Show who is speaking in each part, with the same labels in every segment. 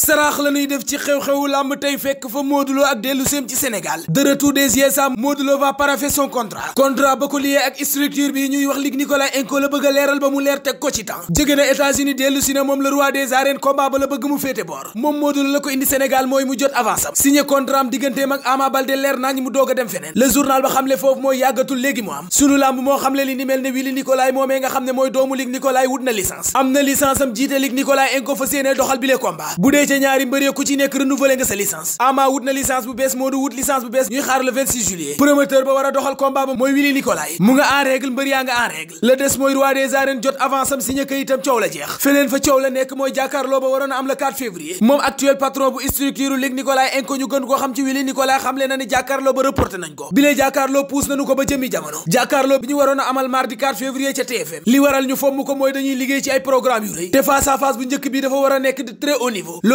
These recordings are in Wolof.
Speaker 1: saraax la ñuy def ci xew-xewu làmb tey fekk fa Modou ak dellu ci Sénégal de retour des USA Modou Lo va parachever son contrat contrat ba ko lié ak structure bi ñuy wax Luc Nicolaï Enco la bëgg a leeral ba mu leer teg ko ci temps jege na États-Unis dellu si moom le roi des arènes combat ba la bëgg mu féete boor moom Modou Lo la ko indi Sénégal mooy mu jot avance am signé contrat digganteem ak Ama Baldé leer nañ mu doog a dem feneen le journal ba xamle foofu mooy yàggatul léegi mu am sunu làmb moo xamle li ni mel ne Luc Nicolaï moomee nga ca ñaari mbër ya ci nekk renouvelé nga sa licence ama wut na licence bu bees Modou wut licence bu bees ñuy xaar le 26 juillet ba war a doxal combat ba mooy Willy Nicolai mu nga en règle mbër yaa nga en règle la des mooy roi des arènes jot avance am signé kayitam coow la jeex feneen fa coow la nekk mooy jàkkaarloo ba waroon am le 4 février moom actuel patron bu structure Luc Nicolai inko ñu gën koo xam ci Willy Nicolai xam na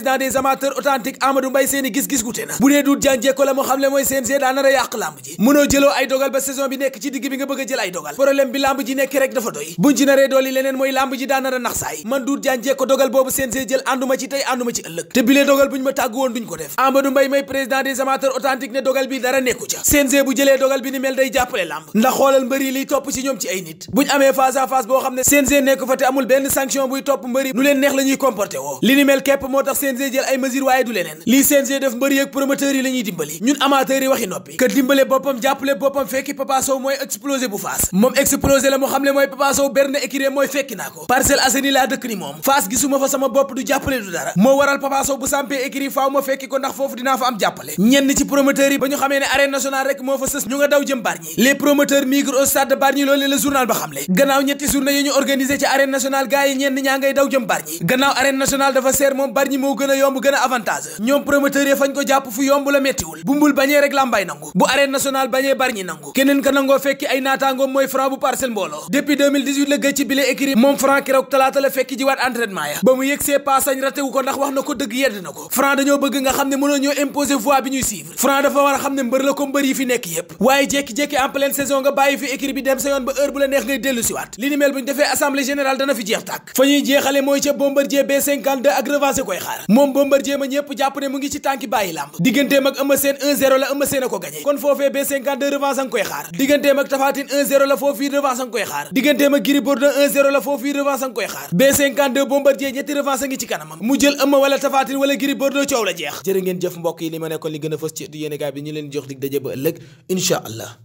Speaker 1: président des amateurs authentiques Amadou Mbaye seeni gis-gis gute na bu dee duut janjeeko la mu xam le mooy CNG daa nar a yàq lamb ji mënoo jëloo ay dogal ba saison bi nekk ci digg bi nga bëgg a jël ay dogal problème bi lamb ji nekk rek dafa doy buñ ci naree dooli leneen mooy lamb ji daa nar a nax saay man duut janjeeko dogal boobu CNG jël ànduma ci tey ànduma ci ëllëg te bilee dogal buñ ma tàggu woon duñ ko def Amadou Mbaye mooy président des amateurs authentiques ne dogal bi dara nekku ca CNG bu jëlee dogal bi ni mel day jàppale lamb ndax xoolal mbër yi liy topp ci ñoom ci ay nit buñ amee face à face boo xam ne CNG nekku fa te amul benn sanction buy topp mbër yi nu leen neex la ñuy comporté woo li ni mel képp moo tax CNG moom faas gisuma fa sama bopp du jàppale du dara moo waral Papa bu sampee écrit faaw ma fekki ko ndax foofu dinaa fa am jàppale ñenn ci promoteurs yi ba ñu xamee ne arène nationale rek moo fa sës ñu nga daw jëm Bargny les promoteurs migrent au stade loolu la journal ba xamle gannaaw ñetti journée yu ñu organisé ci arène nationale gars yi ñenn ñaa ngay daw jëm Bargny gannaaw arène nationale dafa seer moom Bargny moo gën a yomb gën a avantage ñoom promoteur yi fañ ko jàpp fu yomb la mettiwul bumbul bañee rek lambay nangu bu arène nationale bañee barñi nangu keneen ka nangoo fekki ay naataangoom mooy franc bu parcelle mbooloo depuis la gëj bile écrit moom franc keroog talaata la fekki ji waat entraînement ya ba mu yëgsee paasañ ratewu ko ndax wax na ko dëgg yedd na ko franc dañoo bëgg nga xam ne mënoo ñoo imposer voie bi ñuy suivre franc dafa war a xam ne mbër la ko moom Bombardier ma ñëpp jàpp ne mu ngi ci tànki bàyyi làmb digganteem ak Eumeu Sène 1-0 la Eumeu Sène a ko gagné kon foofee B52 revanche nga koy nga koy xaar digganteem ak Gris Bordeaux 1-0 la foofii revanche nga koy xaar B52 Bombardier ñetti revanche ngi ci kanamam mu jël Eumeu wala Tapha Tine wala Gris Bordeaux coow la jeex jërë ngeen jëf mbokk yi li ma nekkoon li gën a fës ci yéene gaay bi ñu leen jox dig daje ba ëllëg incha